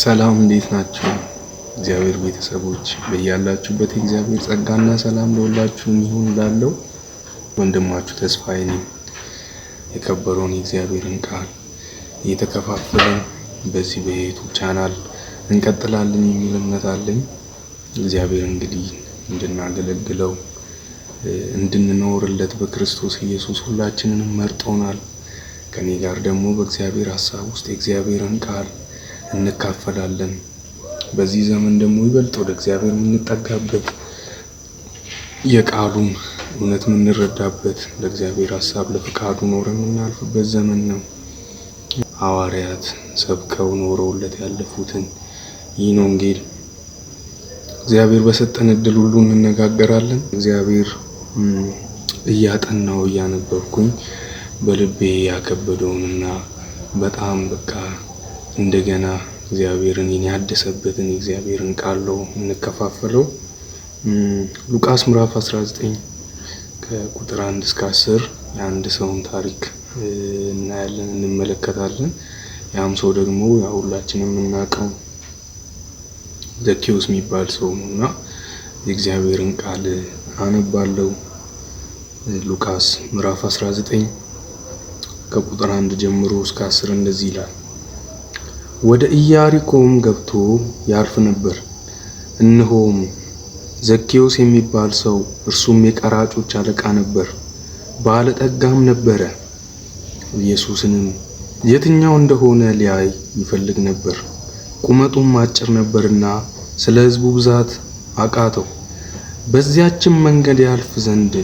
ሰላም እንዴት ናቸው? እግዚአብሔር ቤተሰቦች በያላችሁበት እግዚአብሔር ጸጋና ሰላም ለሁላችሁ ይሁን። ላለው ወንድማችሁ ተስፋዬ ነኝ። የከበረውን የእግዚአብሔርን ቃል እየተከፋፈለን በዚህ በዩቱብ ቻናል እንቀጥላለን የሚል እምነት አለኝ። እግዚአብሔር እንግዲህ እንድናገለግለው እንድንኖርለት በክርስቶስ ኢየሱስ ሁላችንንም መርጦናል። ከኔ ጋር ደግሞ በእግዚአብሔር ሀሳብ ውስጥ የእግዚአብሔርን ቃል እንካፈላለን። በዚህ ዘመን ደግሞ ይበልጥ ወደ እግዚአብሔር የምንጠጋበት የቃሉም እውነት የምንረዳበት ለእግዚአብሔር ሀሳብ ለፍቃዱ ኖረ የምናልፍበት ዘመን ነው። ሐዋርያት ሰብከው ኖረውለት ያለፉትን ይህን ወንጌል እግዚአብሔር በሰጠን እድል ሁሉ እንነጋገራለን። እግዚአብሔር እያጠናው እያነበብኩኝ በልቤ ያከበደውንና በጣም በቃ እንደገና እግዚአብሔርን ያደሰበትን እግዚአብሔርን ቃል ነው የምንከፋፈለው። ሉቃስ ምዕራፍ 19 ከቁጥር 1 እስከ 10 የአንድ ሰውን ታሪክ እናያለን፣ እንመለከታለን። ያም ሰው ደግሞ ያው ሁላችንም የምናውቀው ዘኬዎስ የሚባል ሰው ነው እና የእግዚአብሔርን ቃል አነባለው። ሉቃስ ምዕራፍ 19 ከቁጥር 1 ጀምሮ እስከ 10 እንደዚህ ይላል። ወደ ኢያሪኮም ገብቶ ያልፍ ነበር። እነሆም ዘኬዎስ የሚባል ሰው እርሱም የቀራጮች አለቃ ነበር፣ ባለጠጋም ነበረ። ኢየሱስንም የትኛው እንደሆነ ሊያይ ይፈልግ ነበር። ቁመቱም አጭር ነበርና ስለ ሕዝቡ ብዛት አቃተው። በዚያችን መንገድ ያልፍ ዘንድ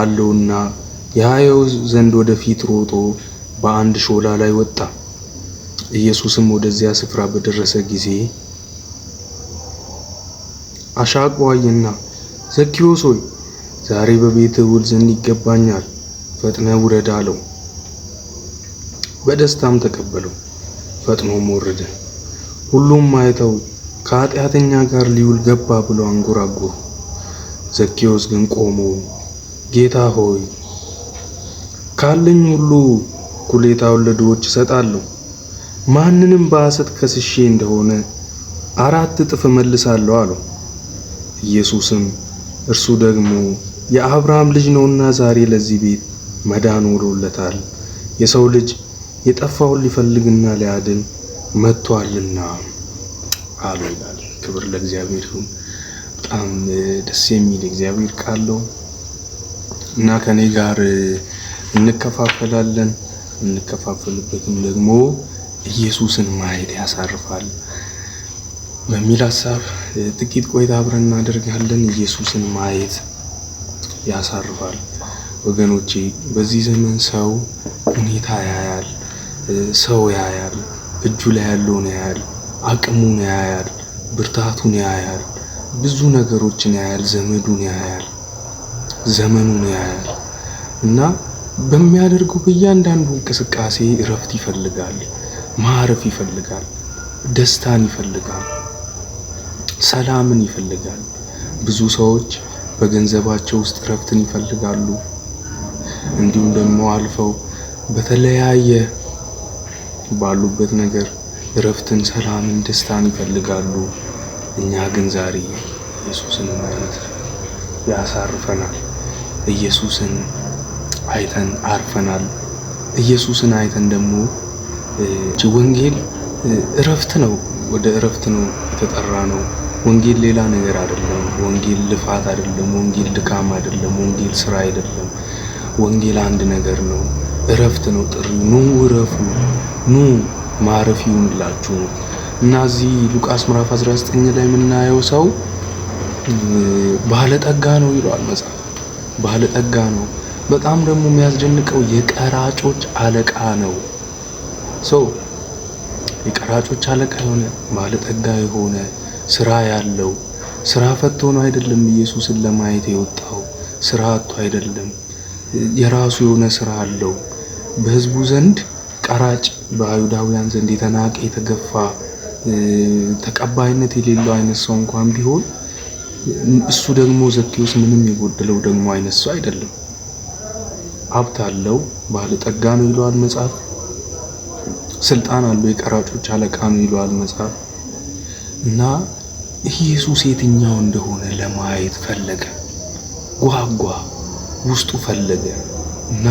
አለውና ያየው ዘንድ ወደፊት ሮጦ በአንድ ሾላ ላይ ወጣ። ኢየሱስም ወደዚያ ስፍራ በደረሰ ጊዜ አሻቅቧይና ዘኪዮስ ሆይ ዛሬ በቤት ውል ዘንድ ይገባኛል፣ ፈጥነ ውረድ አለው። በደስታም ተቀበለው፣ ፈጥኖም ወረደ። ሁሉም አይተው ከኃጢአተኛ ጋር ሊውል ገባ ብሎ አንጎራጎሩ። ዘኪዮስ ግን ቆሞ ጌታ ሆይ ካለኝ ሁሉ እኩሌታውን ለድሆች እሰጣለሁ ማንንም በሐሰት ከስሼ እንደሆነ አራት እጥፍ እመልሳለሁ አለው። ኢየሱስም እርሱ ደግሞ የአብርሃም ልጅ ነውና ዛሬ ለዚህ ቤት መዳን ውሎለታል፣ የሰው ልጅ የጠፋውን ሊፈልግና ሊያድን መጥቷልና አሉ ይላል። ክብር ለእግዚአብሔር ይሁን። በጣም ደስ የሚል እግዚአብሔር ቃል ነው እና ከኔ ጋር እንከፋፈላለን። እንከፋፈልበትም ደግሞ ኢየሱስን ማየት ያሳርፋል በሚል ሀሳብ ጥቂት ቆይታ አብረን እናደርጋለን። ኢየሱስን ማየት ያሳርፋል። ወገኖቼ በዚህ ዘመን ሰው ሁኔታ ያያል፣ ሰው ያያል፣ እጁ ላይ ያለውን ያያል፣ አቅሙን ያያል፣ ብርታቱን ያያል፣ ብዙ ነገሮችን ያያል፣ ዘመዱን ያያል፣ ዘመኑን ያያል እና በሚያደርገው በእያንዳንዱ እንቅስቃሴ እረፍት ይፈልጋል። ማረፍ ይፈልጋል፣ ደስታን ይፈልጋል፣ ሰላምን ይፈልጋል። ብዙ ሰዎች በገንዘባቸው ውስጥ እረፍትን ይፈልጋሉ። እንዲሁም ደግሞ አልፈው በተለያየ ባሉበት ነገር እረፍትን፣ ሰላምን፣ ደስታን ይፈልጋሉ። እኛ ግን ዛሬ ኢየሱስን ማየት ያሳርፈናል። ኢየሱስን አይተን አርፈናል። ኢየሱስን አይተን ደግሞ ወንጌል እረፍት ነው። ወደ እረፍት ነው የተጠራ ነው። ወንጌል ሌላ ነገር አይደለም። ወንጌል ልፋት አይደለም። ወንጌል ድካም አይደለም። ወንጌል ስራ አይደለም። ወንጌል አንድ ነገር ነው። እረፍት ነው። ጥሪ ኑ እረፉ፣ ኑ ማረፍ ይሁንላችሁ እና እዚህ ሉቃስ ምዕራፍ 19 ላይ የምናየው ሰው ባለጠጋ ነው ይለዋል መጽሐፍ። ባለጠጋ ነው። በጣም ደግሞ የሚያስደንቀው የቀራጮች አለቃ ነው። የቀራጮች አለቃ የሆነ ባለጠጋ የሆነ ስራ ያለው ስራ ፈቶ ነው አይደለም ኢየሱስን ለማየት የወጣው ስራ አቶ አይደለም የራሱ የሆነ ስራ አለው በህዝቡ ዘንድ ቀራጭ በአይሁዳውያን ዘንድ የተናቀ የተገፋ ተቀባይነት የሌለው አይነት ሰው እንኳን ቢሆን እሱ ደግሞ ዘኬዎስ ምንም የጎደለው ደግሞ አይነት ሰው አይደለም ሀብት አለው ባለጠጋ ነው ይለዋል መጽሐፍ ስልጣን አለው የቀራጮች አለቃ ነው ይለዋል መጽሐፍ እና ኢየሱስ የትኛው እንደሆነ ለማየት ፈለገ፣ ጓጓ፣ ውስጡ ፈለገ እና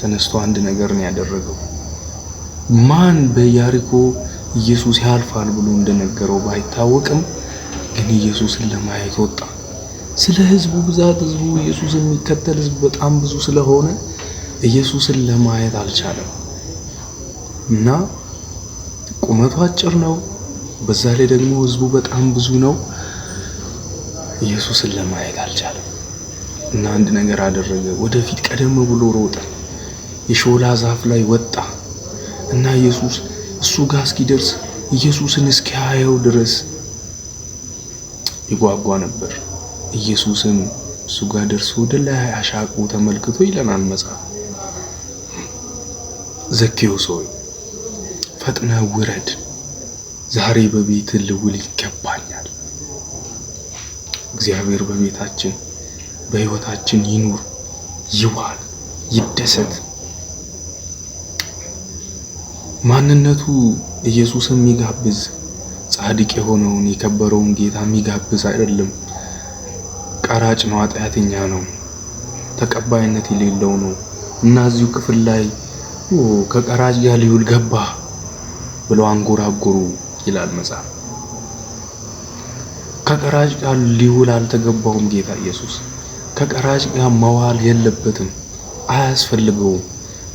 ተነስቶ አንድ ነገር ነው ያደረገው። ማን በያሪኮ ኢየሱስ ያልፋል ብሎ እንደነገረው ባይታወቅም ግን ኢየሱስን ለማየት ወጣ። ስለ ህዝቡ ብዛት ህዝቡ ኢየሱስን የሚከተል ህዝብ በጣም ብዙ ስለሆነ ኢየሱስን ለማየት አልቻለም። እና ቁመቱ አጭር ነው። በዛ ላይ ደግሞ ህዝቡ በጣም ብዙ ነው። ኢየሱስን ለማየት አልቻለም እና አንድ ነገር አደረገ። ወደፊት ቀደም ብሎ ሮጠ፣ የሾላ ዛፍ ላይ ወጣ እና ኢየሱስ እሱ ጋር እስኪደርስ ኢየሱስን እስኪያየው ድረስ ይጓጓ ነበር። ኢየሱስን እሱ ጋር ደርሶ ወደ ላይ አሻቅቦ ተመልክቶ ይለናል መጽሐፍ። ዘኬዎስ ሆይ ፈጥነ ውረድ፣ ዛሬ በቤት ልውል ይገባኛል። እግዚአብሔር በቤታችን በህይወታችን ይኑር፣ ይዋል፣ ይደሰት። ማንነቱ ኢየሱስን የሚጋብዝ ጻድቅ የሆነውን የከበረውን ጌታ የሚጋብዝ አይደለም። ቀራጭ ነው፣ አጥያተኛ ነው፣ ተቀባይነት የሌለው ነው እና እዚሁ ክፍል ላይ ከቀራጭ ጋር ሊውል ገባ ብለው አንጎራጎሩ ይላል መጽሐፍ። ከቀራጭ ጋር ሊውል አልተገባውም ጌታ ኢየሱስ። ከቀራጭ ጋር መዋል የለበትም፣ አያስፈልገውም።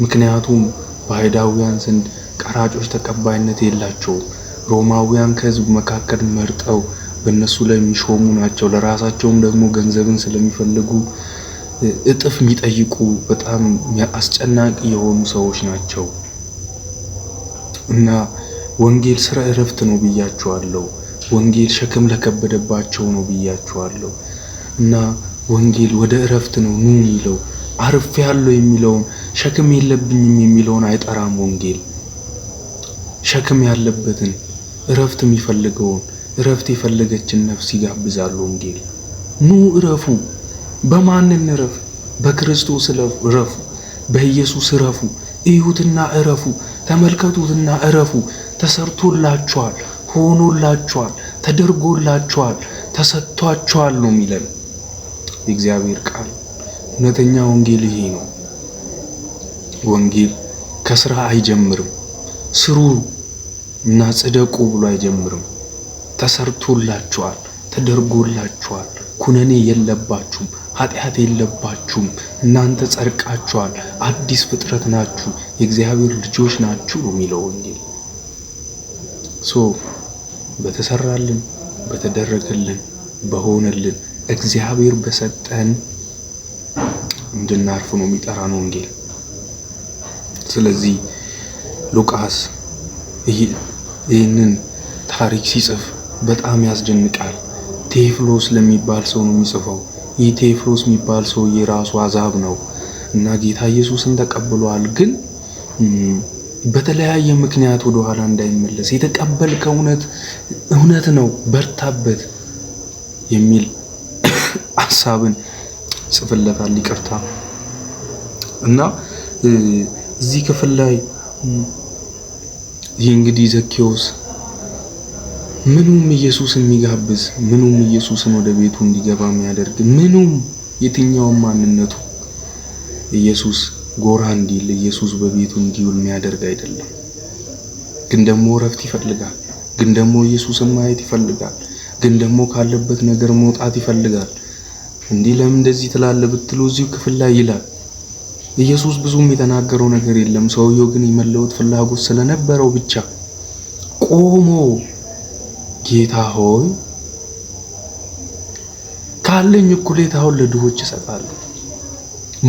ምክንያቱም በአይሁዳውያን ዘንድ ቀራጮች ተቀባይነት የላቸውም። ሮማውያን ከሕዝብ መካከል መርጠው በእነሱ ላይ የሚሾሙ ናቸው። ለራሳቸውም ደግሞ ገንዘብን ስለሚፈልጉ እጥፍ የሚጠይቁ በጣም አስጨናቂ የሆኑ ሰዎች ናቸው። እና ወንጌል ስራ እረፍት ነው ብያችኋለሁ። ወንጌል ሸክም ለከበደባቸው ነው ብያችኋለሁ። እና ወንጌል ወደ እረፍት ነው ኑ የሚለው አርፍ ያለው የሚለውን ሸክም የለብኝም የሚለውን አይጠራም። ወንጌል ሸክም ያለበትን እረፍት የሚፈልገውን እረፍት የፈለገችን ነፍስ ይጋብዛል። ወንጌል ኑ እረፉ። በማንን ረፍ በክርስቶስ እረፉ፣ በኢየሱስ እረፉ፣ እዩትና እረፉ። ተመልከቱትና እረፉ። ተሰርቶላችኋል፣ ሆኖላችኋል፣ ተደርጎላችኋል፣ ተሰጥቷችኋል ነው የሚለን የእግዚአብሔር ቃል። እውነተኛ ወንጌል ይሄ ነው። ወንጌል ከስራ አይጀምርም። ስሩ እና ጽደቁ ብሎ አይጀምርም። ተሰርቶላችኋል፣ ተደርጎላችኋል፣ ኩነኔ የለባችሁም ኃጢአት የለባችሁም፣ እናንተ ጸድቃችኋል፣ አዲስ ፍጥረት ናችሁ፣ የእግዚአብሔር ልጆች ናችሁ ነው የሚለው ወንጌል። ሶ በተሰራልን በተደረገልን በሆነልን እግዚአብሔር በሰጠን እንድናርፍ ነው የሚጠራን ወንጌል። ስለዚህ ሉቃስ ይህንን ታሪክ ሲጽፍ በጣም ያስደንቃል። ቴፍሎስ ለሚባል ሰው ነው የሚጽፈው። ይህ ቴዎፍሎስ የሚባል ሰውዬ ራሱ አዛብ ነው እና ጌታ ኢየሱስን ተቀብሏል። ግን በተለያየ ምክንያት ወደ ኋላ እንዳይመለስ የተቀበልከው እውነት እውነት ነው በርታበት የሚል ሀሳብን ጽፍለታል። ይቅርታ እና እዚህ ክፍል ላይ ይህ እንግዲህ ዘኬዎስ ምኑም ኢየሱስ የሚጋብዝ ምኑም ኢየሱስን ወደ ቤቱ እንዲገባ የሚያደርግ ምኑም የትኛውም ማንነቱ ኢየሱስ ጎራ እንዲል ኢየሱስ በቤቱ እንዲውል የሚያደርግ አይደለም። ግን ደግሞ እረፍት ይፈልጋል። ግን ደግሞ ኢየሱስን ማየት ይፈልጋል። ግን ደግሞ ካለበት ነገር መውጣት ይፈልጋል። እንዲህ ለምን እንደዚህ ትላለህ ብትሉ እዚሁ ክፍል ላይ ይላል። ኢየሱስ ብዙም የተናገረው ነገር የለም። ሰውየው ግን የመለወጥ ፍላጎት ስለነበረው ብቻ ቆሞ ጌታ ሆይ ካለኝ እኩሌታውን ለድሆች እሰጣለሁ፣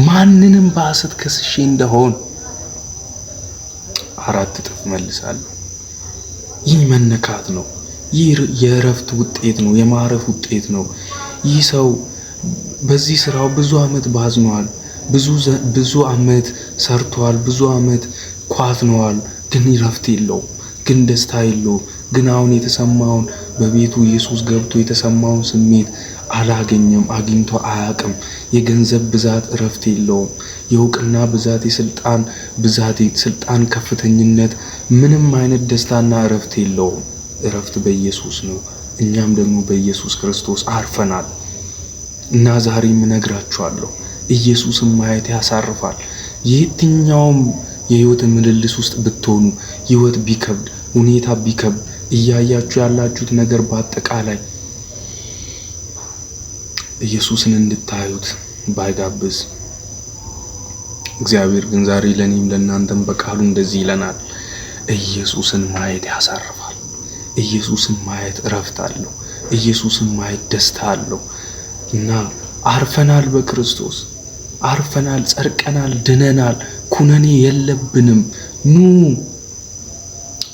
ማንንም በሐሰት ከስሼ እንደሆን አራት እጥፍ መልሳለሁ። ይህ መነካት ነው። ይህ የእረፍት ውጤት ነው። የማረፍ ውጤት ነው። ይህ ሰው በዚህ ስራው ብዙ አመት ባዝኗል። ብዙ አመት ሰርቷል። ብዙ አመት ኳትነዋል። ግን እረፍት የለውም። ግን ደስታ የለውም። ግን አሁን የተሰማውን በቤቱ ኢየሱስ ገብቶ የተሰማውን ስሜት አላገኘም፣ አግኝቶ አያቅም። የገንዘብ ብዛት እረፍት የለውም። የእውቅና ብዛት፣ የስልጣን ብዛት፣ ስልጣን ከፍተኝነት ምንም አይነት ደስታና እረፍት የለውም። እረፍት በኢየሱስ ነው። እኛም ደግሞ በኢየሱስ ክርስቶስ አርፈናል እና ዛሬም እነግራችኋለሁ ኢየሱስን ማየት ያሳርፋል። የትኛውም የህይወት ምልልስ ውስጥ ብትሆኑ ህይወት ቢከብድ ሁኔታ ቢከብድ እያያችሁ ያላችሁት ነገር በአጠቃላይ ኢየሱስን እንድታዩት ባይጋብዝ እግዚአብሔር ግን ዛሬ ለእኔም ለእናንተም በቃሉ እንደዚህ ይለናል። ኢየሱስን ማየት ያሳርፋል። ኢየሱስን ማየት እረፍት አለው። ኢየሱስን ማየት ደስታ አለው እና አርፈናል፣ በክርስቶስ አርፈናል፣ ጸድቀናል፣ ድነናል፣ ኩነኔ የለብንም ኑ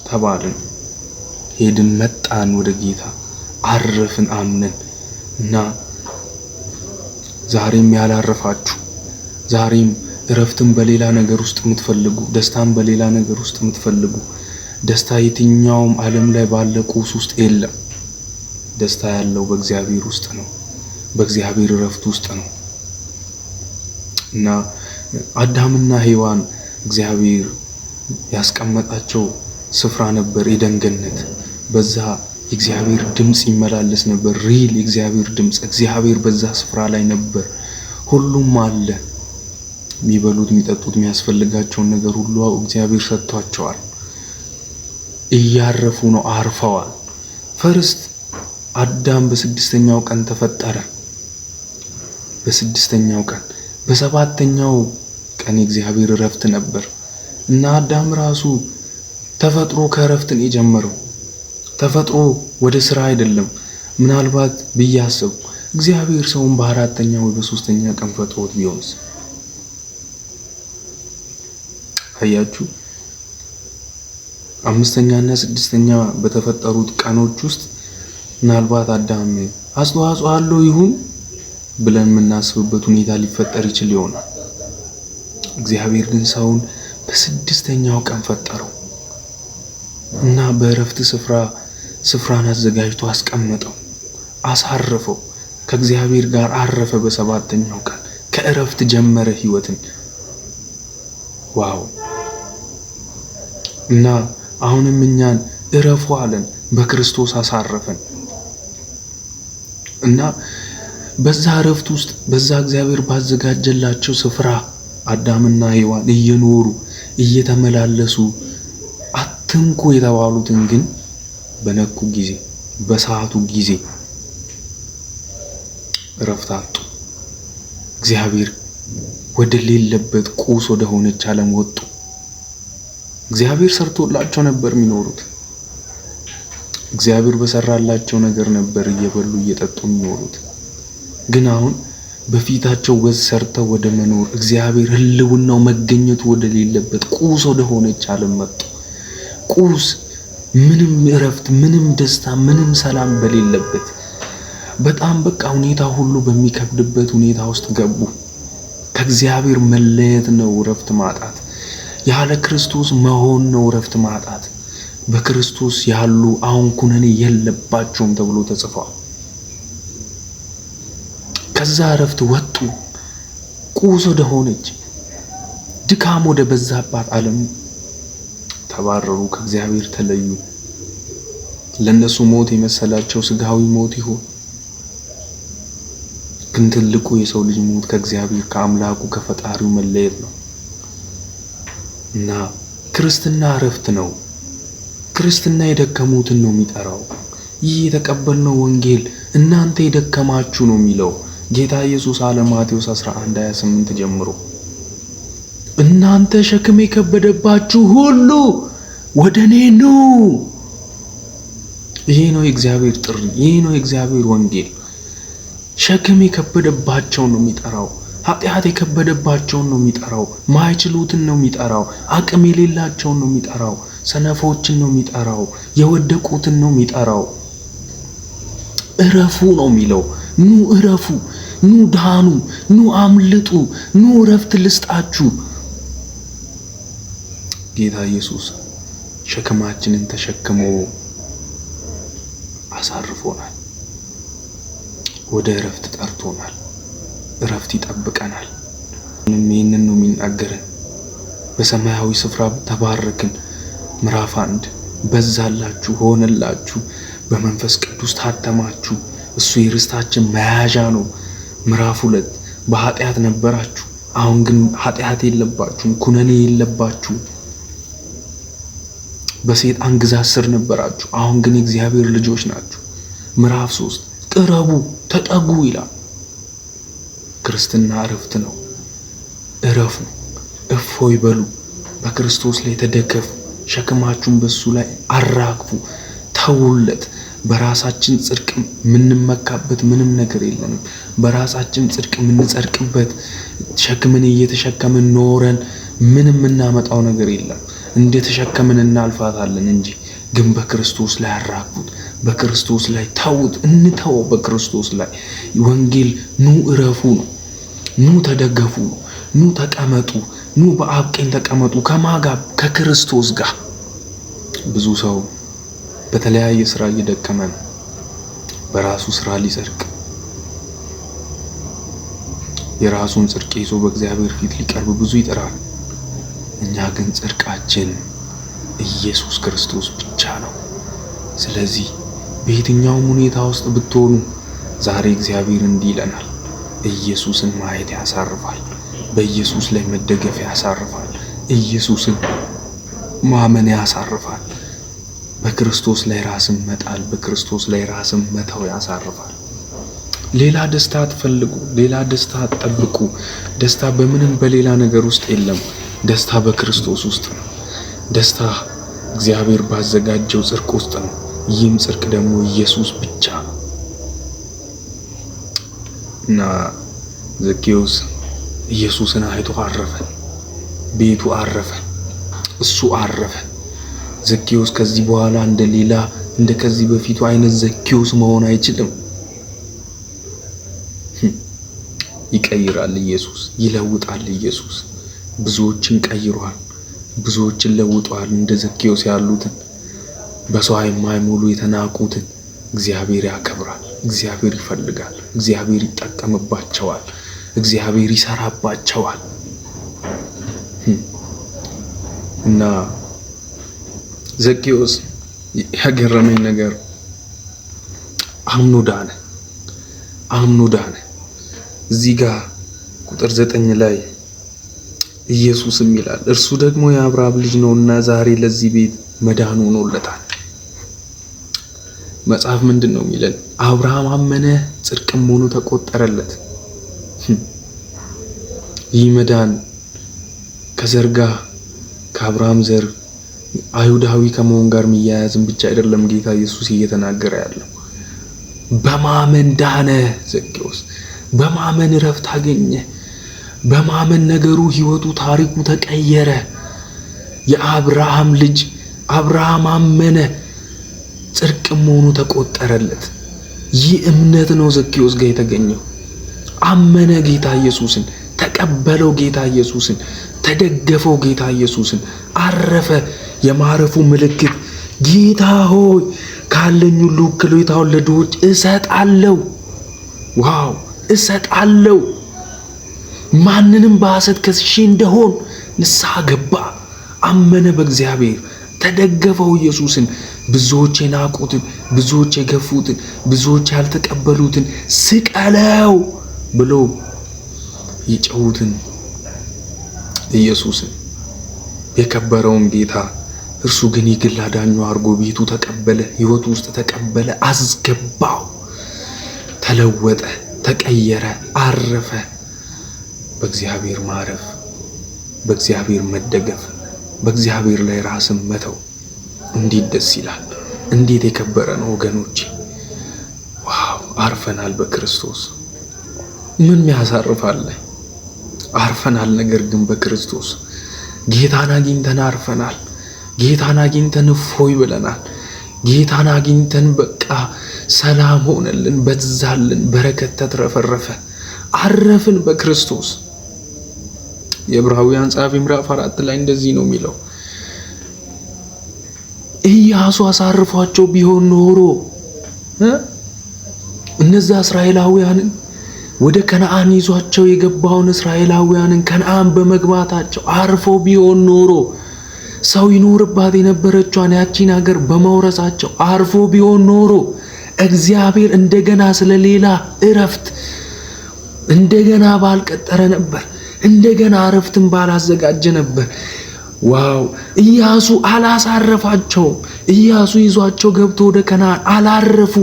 ተባልን። ሄድን፣ መጣን፣ ወደ ጌታ አረፍን አምነን እና ዛሬም ያላረፋችሁ ዛሬም እረፍትን በሌላ ነገር ውስጥ የምትፈልጉ ደስታን በሌላ ነገር ውስጥ የምትፈልጉ ደስታ የትኛውም ዓለም ላይ ባለ ቁስ ውስጥ የለም። ደስታ ያለው በእግዚአብሔር ውስጥ ነው። በእግዚአብሔር እረፍት ውስጥ ነው እና አዳምና ሔዋን እግዚአብሔር ያስቀመጣቸው ስፍራ ነበር የደን ገነት። በዛ የእግዚአብሔር ድምፅ ይመላለስ ነበር። ሪል የእግዚአብሔር ድምፅ፣ እግዚአብሔር በዛ ስፍራ ላይ ነበር። ሁሉም አለ። የሚበሉት፣ የሚጠጡት፣ የሚያስፈልጋቸውን ነገር ሁሉ እግዚአብሔር ሰጥቷቸዋል። እያረፉ ነው፣ አርፈዋል። ፈርስት አዳም በስድስተኛው ቀን ተፈጠረ። በስድስተኛው ቀን በሰባተኛው ቀን የእግዚአብሔር እረፍት ነበር እና አዳም ራሱ ተፈጥሮ ከእረፍት ከእረፍትን የጀመረው ተፈጥሮ ወደ ስራ አይደለም ምናልባት ብዬ አሰብኩ። እግዚአብሔር ሰውን በአራተኛ ወይ በሶስተኛ ቀን ፈጥሮት ቢሆንስ? አያችሁ፣ አምስተኛና ስድስተኛ በተፈጠሩት ቀኖች ውስጥ ምናልባት አዳም አስተዋጽኦ አለው ይሁን ብለን የምናስብበት ሁኔታ ሊፈጠር ይችል ይሆናል። እግዚአብሔር ግን ሰውን በስድስተኛው ቀን ፈጠረው እና በእረፍት ስፍራ ስፍራን አዘጋጅቶ አስቀመጠው፣ አሳረፈው። ከእግዚአብሔር ጋር አረፈ። በሰባተኛው ቀን ከእረፍት ጀመረ ህይወትን። ዋው! እና አሁንም እኛን እረፉ አለን፣ በክርስቶስ አሳረፈን እና በዛ እረፍት ውስጥ በዛ እግዚአብሔር ባዘጋጀላቸው ስፍራ አዳምና ሔዋን እየኖሩ እየተመላለሱ አትንኩ የተባሉትን ግን በነኩ ጊዜ በሰዓቱ ጊዜ እረፍት አጡ። እግዚአብሔር ወደ ሌለበት ቁስ ወደ ሆነች ዓለም ወጡ። እግዚአብሔር ሰርቶላቸው ነበር የሚኖሩት። እግዚአብሔር በሰራላቸው ነገር ነበር እየበሉ እየጠጡ የሚኖሩት። ግን አሁን በፊታቸው ወዝ ሰርተው ወደ መኖር እግዚአብሔር ህልውናው መገኘቱ ወደ ሌለበት ቁስ ወደ ሆነች ዓለም መጡ። ቁስ ምንም እረፍት፣ ምንም ደስታ፣ ምንም ሰላም በሌለበት በጣም በቃ ሁኔታ ሁሉ በሚከብድበት ሁኔታ ውስጥ ገቡ። ከእግዚአብሔር መለየት ነው እረፍት ማጣት። ያለ ክርስቶስ መሆን ነው እረፍት ማጣት። በክርስቶስ ያሉ አሁን ኩነኔ የለባቸውም ተብሎ ተጽፏል። ከዛ እረፍት ወጡ። ቁስ ወደ ሆነች ድካም ወደ በዛባት ዓለም ተባረሩ፣ ከእግዚአብሔር ተለዩ። ለእነሱ ሞት የመሰላቸው ስጋዊ ሞት ይሁን። ግን ትልቁ የሰው ልጅ ሞት ከእግዚአብሔር ከአምላኩ ከፈጣሪው መለየት ነው እና ክርስትና እረፍት ነው። ክርስትና የደከሙትን ነው የሚጠራው። ይህ የተቀበልነው ወንጌል እናንተ የደከማችሁ ነው የሚለው ጌታ ኢየሱስ አለ ማቴዎስ 11:28 ጀምሮ እናንተ ሸክም የከበደባችሁ ሁሉ ወደ እኔ ኑ። ይሄ ነው የእግዚአብሔር ጥሪ፣ ይህ ነው የእግዚአብሔር ወንጌል። ሸክም የከበደባቸውን ነው የሚጠራው። ኃጢአት የከበደባቸውን ነው የሚጠራው። ማይችሉትን ነው የሚጠራው። አቅም የሌላቸውን ነው የሚጠራው። ሰነፎችን ነው የሚጠራው። የወደቁትን ነው የሚጠራው። እረፉ ነው የሚለው። ኑ እረፉ፣ ኑ ዳኑ፣ ኑ አምልጡ፣ ኑ እረፍት ልስጣችሁ። ጌታ ኢየሱስ ሸክማችንን ተሸክሞ አሳርፎናል። ወደ እረፍት ጠርቶናል። እረፍት ይጠብቀናል። ይህንን ነው የሚናገረን። በሰማያዊ ስፍራ ተባረክን። ምዕራፍ አንድ በዛላችሁ፣ ሆነላችሁ፣ በመንፈስ ቅዱስ ታተማችሁ። እሱ የርስታችን መያዣ ነው። ምዕራፍ ሁለት በኃጢአት ነበራችሁ፣ አሁን ግን ኃጢአት የለባችሁም፣ ኩነኔ የለባችሁም። በሰይጣን ግዛት ስር ነበራችሁ፣ አሁን ግን የእግዚአብሔር ልጆች ናችሁ። ምዕራፍ ሶስት ቅረቡ ተጠጉ ይላል። ክርስትና እረፍት ነው። እረፉ፣ እፎይ በሉ፣ በክርስቶስ ላይ ተደገፉ፣ ሸክማችሁን በሱ ላይ አራግፉ፣ ተውለት። በራሳችን ጽድቅ የምንመካበት ምንም ነገር የለንም። በራሳችን ጽድቅ የምንጸድቅበት ሸክምን እየተሸከምን ኖረን ምንም የምናመጣው ነገር የለም። እንደተሸከምን እናልፋታለን እንጂ ግን በክርስቶስ ላይ አራግፉት፣ በክርስቶስ ላይ ታውት እንተወው። በክርስቶስ ላይ ወንጌል ኑ እረፉ ነው፣ ኑ ተደገፉ ነው፣ ኑ ተቀመጡ፣ ኑ በአብ ቀኝ ተቀመጡ። ከማጋብ ከክርስቶስ ጋር ብዙ ሰው በተለያየ ስራ እየደከመ ነው። በራሱ ስራ ሊጸድቅ የራሱን ጽድቅ ይዞ በእግዚአብሔር ፊት ሊቀርብ ብዙ ይጥራል። እኛ ግን ጽድቃችን ኢየሱስ ክርስቶስ ብቻ ነው። ስለዚህ በየትኛውም ሁኔታ ውስጥ ብትሆኑ ዛሬ እግዚአብሔር እንዲህ ይለናል። ኢየሱስን ማየት ያሳርፋል። በኢየሱስ ላይ መደገፍ ያሳርፋል። ኢየሱስን ማመን ያሳርፋል። በክርስቶስ ላይ ራስን መጣል፣ በክርስቶስ ላይ ራስን መተው ያሳርፋል። ሌላ ደስታ አትፈልጉ፣ ሌላ ደስታ አትጠብቁ። ደስታ በምንም በሌላ ነገር ውስጥ የለም። ደስታ በክርስቶስ ውስጥ ነው። ደስታ እግዚአብሔር ባዘጋጀው ጽድቅ ውስጥ ነው። ይህም ጽድቅ ደግሞ ኢየሱስ ብቻ ነው እና ዘኬዎስ ኢየሱስን አይቶ አረፈ። ቤቱ አረፈ። እሱ አረፈ። ዘኬዎስ ከዚህ በኋላ እንደ ሌላ እንደ ከዚህ በፊቱ አይነት ዘኬዎስ መሆን አይችልም። ይቀይራል ኢየሱስ፣ ይለውጣል ኢየሱስ። ብዙዎችን ቀይሯል፣ ብዙዎችን ለውጧል። እንደ ዘኬዎስ ያሉትን በሰው የማይሞሉ የተናቁትን እግዚአብሔር ያከብራል፣ እግዚአብሔር ይፈልጋል፣ እግዚአብሔር ይጠቀምባቸዋል፣ እግዚአብሔር ይሰራባቸዋል እና ዘኬዎስ ያገረመኝ ነገር አምኖ ዳነ፣ አምኖ ዳነ። እዚህ ጋር ቁጥር ዘጠኝ ላይ ኢየሱስም ይላል እርሱ ደግሞ የአብርሃም ልጅ ነውና ዛሬ ለዚህ ቤት መዳን ሆኖለታል። መጽሐፍ ምንድን ነው የሚለን? አብርሃም አመነ ጽድቅም ሆኖ ተቆጠረለት። ይህ መዳን ከዘር ጋር ከአብርሃም ዘር አይሁዳዊ ከመሆን ጋር የሚያያዝም ብቻ አይደለም ጌታ ኢየሱስ እየተናገረ ያለው በማመን ዳነ ዘኬዎስ በማመን እረፍት አገኘ በማመን ነገሩ፣ ሕይወቱ፣ ታሪኩ ተቀየረ። የአብርሃም ልጅ አብርሃም አመነ፣ ጽድቅም መሆኑ ተቆጠረለት። ይህ እምነት ነው ዘኬዎስ ጋር የተገኘው። አመነ ጌታ ኢየሱስን፣ ተቀበለው ጌታ ኢየሱስን፣ ተደገፈው ጌታ ኢየሱስን፣ አረፈ። የማረፉ ምልክት ጌታ ሆይ ካለኝ ሁሉ እኩሌታውን ለድሆች እሰጣለሁ። ዋው እሰጣለሁ። ማንንም በሐሰት ከስሼ እንደሆን ንስሐ ገባ፣ አመነ በእግዚአብሔር ተደገፈው ኢየሱስን። ብዙዎች የናቁትን፣ ብዙዎች የገፉትን፣ ብዙዎች ያልተቀበሉትን ስቀለው ብሎ የጨውትን ኢየሱስን የከበረውን ጌታ እርሱ ግን የግል አዳኙ አድርጎ ቤቱ ተቀበለ፣ ህይወቱ ውስጥ ተቀበለ፣ አስገባው፣ ተለወጠ፣ ተቀየረ፣ አረፈ። በእግዚአብሔር ማረፍ፣ በእግዚአብሔር መደገፍ፣ በእግዚአብሔር ላይ ራስን መተው እንዴት ደስ ይላል! እንዴት የከበረ ነው ወገኖቼ! ዋው አርፈናል በክርስቶስ ምን ያሳርፋል? አርፈናል። ነገር ግን በክርስቶስ ጌታን አግኝተን አርፈናል። ጌታን አግኝተን እፎይ ብለናል። ጌታን አግኝተን በቃ ሰላም ሆነልን፣ በዛልን፣ በረከት ተትረፈረፈ። አረፍን በክርስቶስ የዕብራውያን ጸሐፊ ምዕራፍ አራት ላይ እንደዚህ ነው የሚለው ኢያሱ አሳርፏቸው ቢሆን ኖሮ እነዛ እስራኤላውያንን ወደ ከነአን ይዟቸው የገባውን እስራኤላውያንን ከነአን በመግባታቸው አርፎ ቢሆን ኖሮ ሰው ይኖርባት የነበረችዋን ያቺን ሀገር በመውረሳቸው አርፎ ቢሆን ኖሮ እግዚአብሔር እንደገና ስለሌላ እረፍት እንደገና ባልቀጠረ ነበር። እንደገና እረፍትን ባላዘጋጀ ነበር። ዋው! እያሱ አላሳረፋቸውም። እያሱ ይዟቸው ገብቶ ወደ ከነዓን አላረፉ።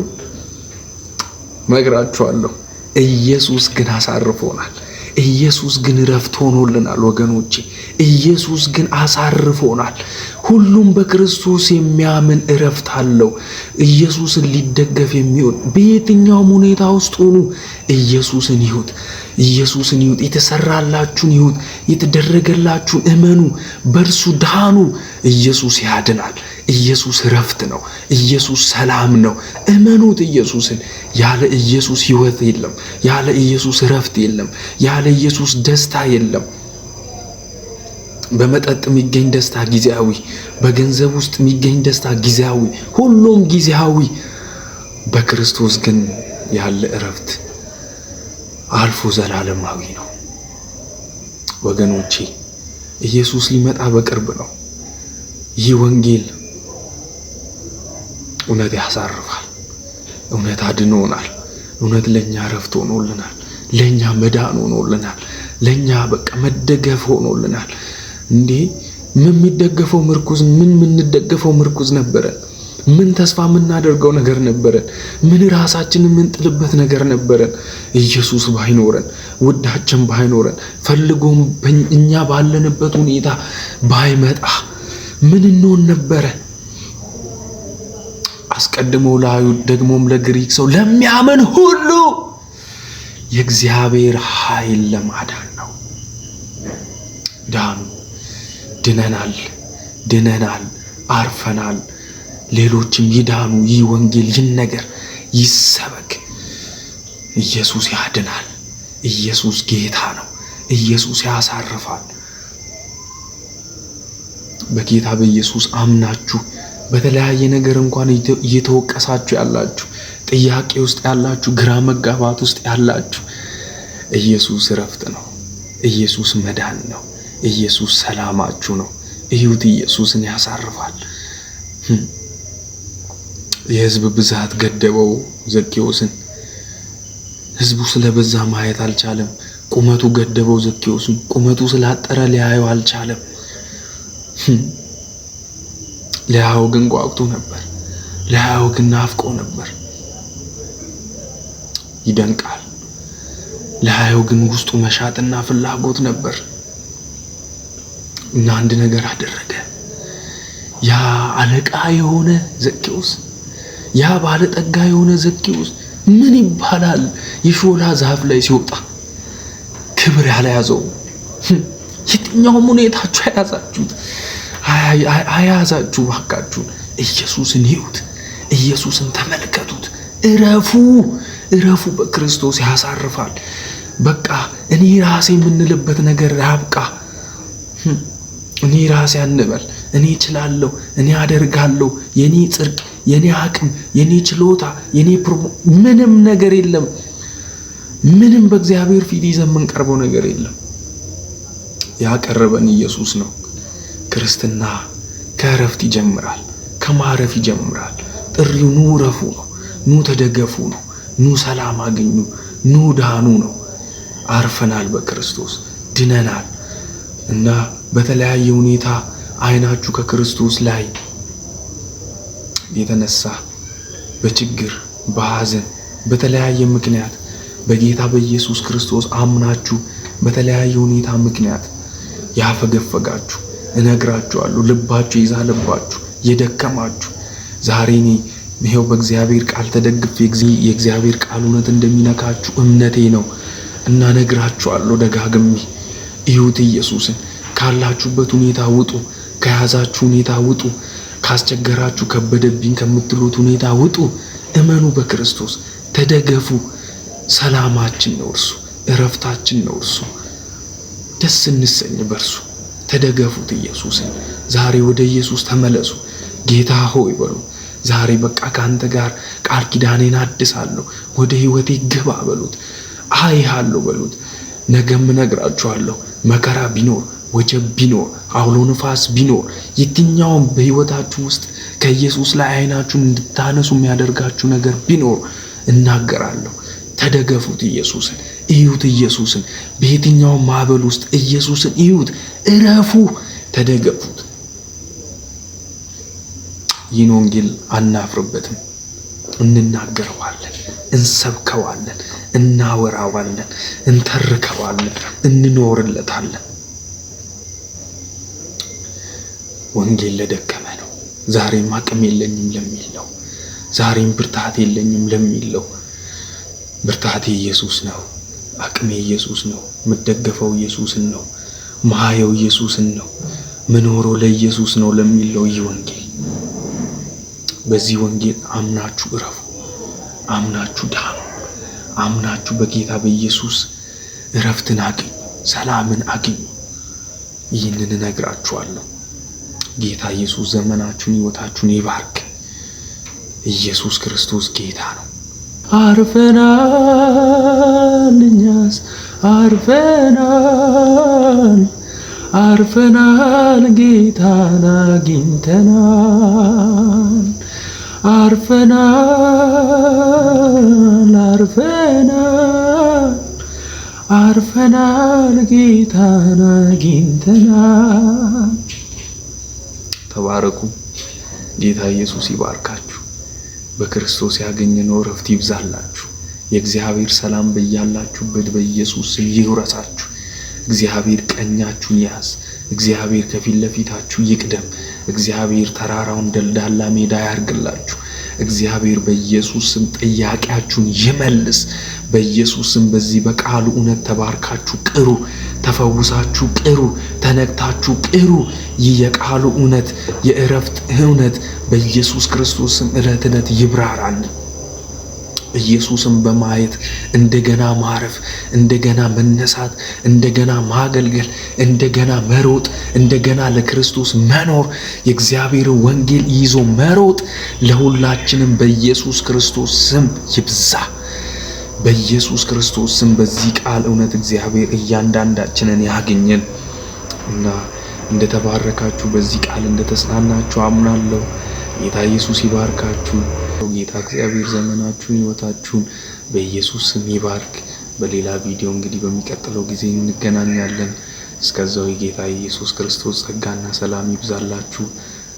እነግራችኋለሁ፣ ኢየሱስ ግን አሳርፎናል። ኢየሱስ ግን እረፍት ሆኖልናል ወገኖቼ። ኢየሱስ ግን አሳርፎናል። ሁሉም በክርስቶስ የሚያምን እረፍት አለው። ኢየሱስን ሊደገፍ የሚሆን በየትኛውም ሁኔታ ውስጥ ሆኑ ኢየሱስን ይሁት። ኢየሱስን ይዩት፣ የተሰራላችሁን ይዩት፣ የተደረገላችሁን እመኑ፣ በእርሱ ዳኑ። ኢየሱስ ያድናል። ኢየሱስ ረፍት ነው። ኢየሱስ ሰላም ነው። እመኑት ኢየሱስን። ያለ ኢየሱስ ይወት የለም። ያለ ኢየሱስ ረፍት የለም። ያለ ኢየሱስ ደስታ የለም። በመጠጥ የሚገኝ ደስታ ጊዜያዊ፣ በገንዘብ ውስጥ የሚገኝ ደስታ ጊዜያዊ፣ ሁሉም ጊዜያዊ። በክርስቶስ ግን ያለ እረፍት አልፎ ዘላለማዊ ነው። ወገኖቼ ኢየሱስ ሊመጣ በቅርብ ነው። ይህ ወንጌል እውነት ያሳርፋል፣ እውነት አድኖናል፣ እውነት ለእኛ እረፍት ሆኖልናል፣ ለእኛ መዳን ሆኖልናል፣ ለእኛ በቃ መደገፍ ሆኖልናል። እንዴ ምን የሚደገፈው ምርኩዝ ምን የምንደገፈው ምርኩዝ ነበረ? ምን ተስፋ የምናደርገው ነገር ነበረን? ምን ራሳችን የምንጥልበት ነገር ነበረን? ኢየሱስ ባይኖረን፣ ውዳችን ባይኖረን፣ ፈልጎም እኛ ባለንበት ሁኔታ ባይመጣ ምን እንሆን ነበረ? አስቀድሞ ለአይሁድ ደግሞም ለግሪክ ሰው ለሚያምን ሁሉ የእግዚአብሔር ኃይል ለማዳን ነው። ዳኑ። ድነናል፣ ድነናል፣ አርፈናል። ሌሎችም ይዳኑ። ይህ ወንጌል ይነገር፣ ይሰበክ። ኢየሱስ ያድናል። ኢየሱስ ጌታ ነው። ኢየሱስ ያሳርፋል። በጌታ በኢየሱስ አምናችሁ በተለያየ ነገር እንኳን እየተወቀሳችሁ ያላችሁ፣ ጥያቄ ውስጥ ያላችሁ፣ ግራ መጋባት ውስጥ ያላችሁ፣ ኢየሱስ እረፍት ነው። ኢየሱስ መዳን ነው። ኢየሱስ ሰላማችሁ ነው። እዩት፣ ኢየሱስን ያሳርፋል። የህዝብ ብዛት ገደበው ዘኬዎስን። ህዝቡ ስለበዛ ማየት አልቻለም። ቁመቱ ገደበው ዘኬዎስን። ቁመቱ ስላጠረ ሊያየው አልቻለም። ሊያየው hm ግን ጓጉቶ ነበር። ሊያየው ግን ናፍቆ ነበር። ይደንቃል። ሊያየው ግን ውስጡ መሻትና ፍላጎት ነበር እና አንድ ነገር አደረገ። ያ አለቃ የሆነ ዘኬዎስ ያ ባለጠጋ የሆነ ዘኬዎስ ምን ይባላል የሾላ ዛፍ ላይ ሲወጣ ክብር ያልያዘው የትኛውም ሁኔታችሁ አያዛችሁት አያዛችሁ። እባካችሁን ኢየሱስን ይዩት፣ ኢየሱስን ተመልከቱት። እረፉ፣ እረፉ። በክርስቶስ ያሳርፋል። በቃ እኔ ራሴ የምንልበት ነገር ያብቃ። እኔ ራሴ አንበል። እኔ እችላለሁ፣ እኔ አደርጋለሁ፣ የኔ ጽድቅ የኔ አቅም፣ የኔ ችሎታ፣ የኔ ፕሮሞ ምንም ነገር የለም። ምንም በእግዚአብሔር ፊት ይዘን የምንቀርበው ነገር የለም። ያቀረበን ኢየሱስ ነው። ክርስትና ከእረፍት ይጀምራል፣ ከማረፍ ይጀምራል። ጥሪው ኑ እረፉ ነው፣ ኑ ተደገፉ ነው፣ ኑ ሰላም አገኙ ኑ ዳኑ ነው። አርፈናል፣ በክርስቶስ ድነናል እና በተለያየ ሁኔታ አይናችሁ ከክርስቶስ ላይ የተነሳ በችግር በሐዘን በተለያየ ምክንያት በጌታ በኢየሱስ ክርስቶስ አምናችሁ በተለያየ ሁኔታ ምክንያት ያፈገፈጋችሁ እነግራችኋለሁ፣ ልባችሁ የዛለባችሁ የደከማችሁ ዛሬ እኔ በእግዚአብሔር ቃል ተደግፌ የእግዚአብሔር ቃል እውነት እንደሚነካችሁ እምነቴ ነው እና ነግራችኋለሁ ደጋግሜ እዩት ኢየሱስን። ካላችሁበት ሁኔታ ውጡ፣ ከያዛችሁ ሁኔታ ውጡ። ካስቸገራችሁ ከበደብኝ ከምትሉት ሁኔታ ውጡ። እመኑ በክርስቶስ ተደገፉ። ሰላማችን ነው እርሱ፣ እረፍታችን ነው እርሱ። ደስ እንሰኝ በርሱ። ተደገፉት። ኢየሱስን ዛሬ ወደ ኢየሱስ ተመለሱ። ጌታ ሆይ በሉ ዛሬ በቃ ከአንተ ጋር ቃል ኪዳኔን አድሳለሁ፣ ወደ ህይወቴ ግባ በሉት። አይሃለሁ በሉት። ነገም እነግራችኋለሁ መከራ ቢኖር ወጀብ ቢኖር አውሎ ንፋስ ቢኖር የትኛውም በህይወታችሁ ውስጥ ከኢየሱስ ላይ አይናችሁን እንድታነሱ የሚያደርጋችሁ ነገር ቢኖር እናገራለሁ። ተደገፉት፣ ኢየሱስን እዩት፣ ኢየሱስን በየትኛውም ማዕበል ውስጥ ኢየሱስን እዩት፣ እረፉ፣ ተደገፉት። ይህን ወንጌል አናፍርበትም፣ እንናገረዋለን፣ እንሰብከዋለን፣ እናወራዋለን፣ እንተርከዋለን፣ እንኖርለታለን። ወንጌል ለደከመ ነው። ዛሬም አቅም የለኝም ለሚል ነው። ዛሬም ብርታት የለኝም ለሚል ነው። ብርታቴ ኢየሱስ ነው። አቅሜ ኢየሱስ ነው። የምደገፈው ኢየሱስን ነው። መሀየው ኢየሱስን ነው። ምኖረው ለኢየሱስ ነው ለሚል ነው ይህ ወንጌል። በዚህ ወንጌል አምናችሁ እረፉ። አምናችሁ ዳኑ። አምናችሁ በጌታ በኢየሱስ እረፍትን አግኝ ሰላምን አግኝ ይህንን እነግራችኋለሁ። ጌታ ኢየሱስ ዘመናችሁን ሕይወታችሁን ይባርክ። ኢየሱስ ክርስቶስ ጌታ ነው። አርፈናል፣ እኛስ አርፈናል፣ አርፈናል፣ ጌታን አግኝተናል። አርፈናል፣ አርፈናል፣ አርፈናል፣ ጌታን አግኝተናል። ተባረኩ። ጌታ ኢየሱስ ይባርካችሁ። በክርስቶስ ያገኘነው እረፍት ይብዛላችሁ። የእግዚአብሔር ሰላም በያላችሁበት በኢየሱስ ስም ይውረሳችሁ። እግዚአብሔር ቀኛችሁን ያዝ። እግዚአብሔር ከፊት ለፊታችሁ ይቅደም። እግዚአብሔር ተራራውን ደልዳላ ሜዳ ያርግላችሁ። እግዚአብሔር በኢየሱስ ስም ጥያቄያችሁን ይመልስ። በኢየሱስ ስም በዚህ በቃሉ እውነት ተባርካችሁ ቅሩ። ተፈውሳችሁ ቅሩ፣ ተነግታችሁ ቅሩ። ይህ የቃሉ እውነት የእረፍት እውነት በኢየሱስ ክርስቶስም ዕለት ዕለት ይብራራል። ኢየሱስን በማየት እንደገና ማረፍ፣ እንደገና መነሳት፣ እንደገና ማገልገል፣ እንደገና መሮጥ፣ እንደገና ለክርስቶስ መኖር፣ የእግዚአብሔር ወንጌል ይዞ መሮጥ ለሁላችንም በኢየሱስ ክርስቶስ ስም ይብዛ። በኢየሱስ ክርስቶስ ስም በዚህ ቃል እውነት እግዚአብሔር እያንዳንዳችንን ያገኘን እና እንደተባረካችሁ በዚህ ቃል እንደተጽናናችሁ አምናለሁ። ጌታ ኢየሱስ ይባርካችሁ። ጌታ እግዚአብሔር ዘመናችሁን ይወታችሁን በኢየሱስ ስም ይባርክ። በሌላ ቪዲዮ እንግዲህ በሚቀጥለው ጊዜ እንገናኛለን። እስከዛው የጌታ ኢየሱስ ክርስቶስ ጸጋና ሰላም ይብዛላችሁ።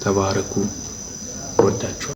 ተባረኩ። ወዳችኋል።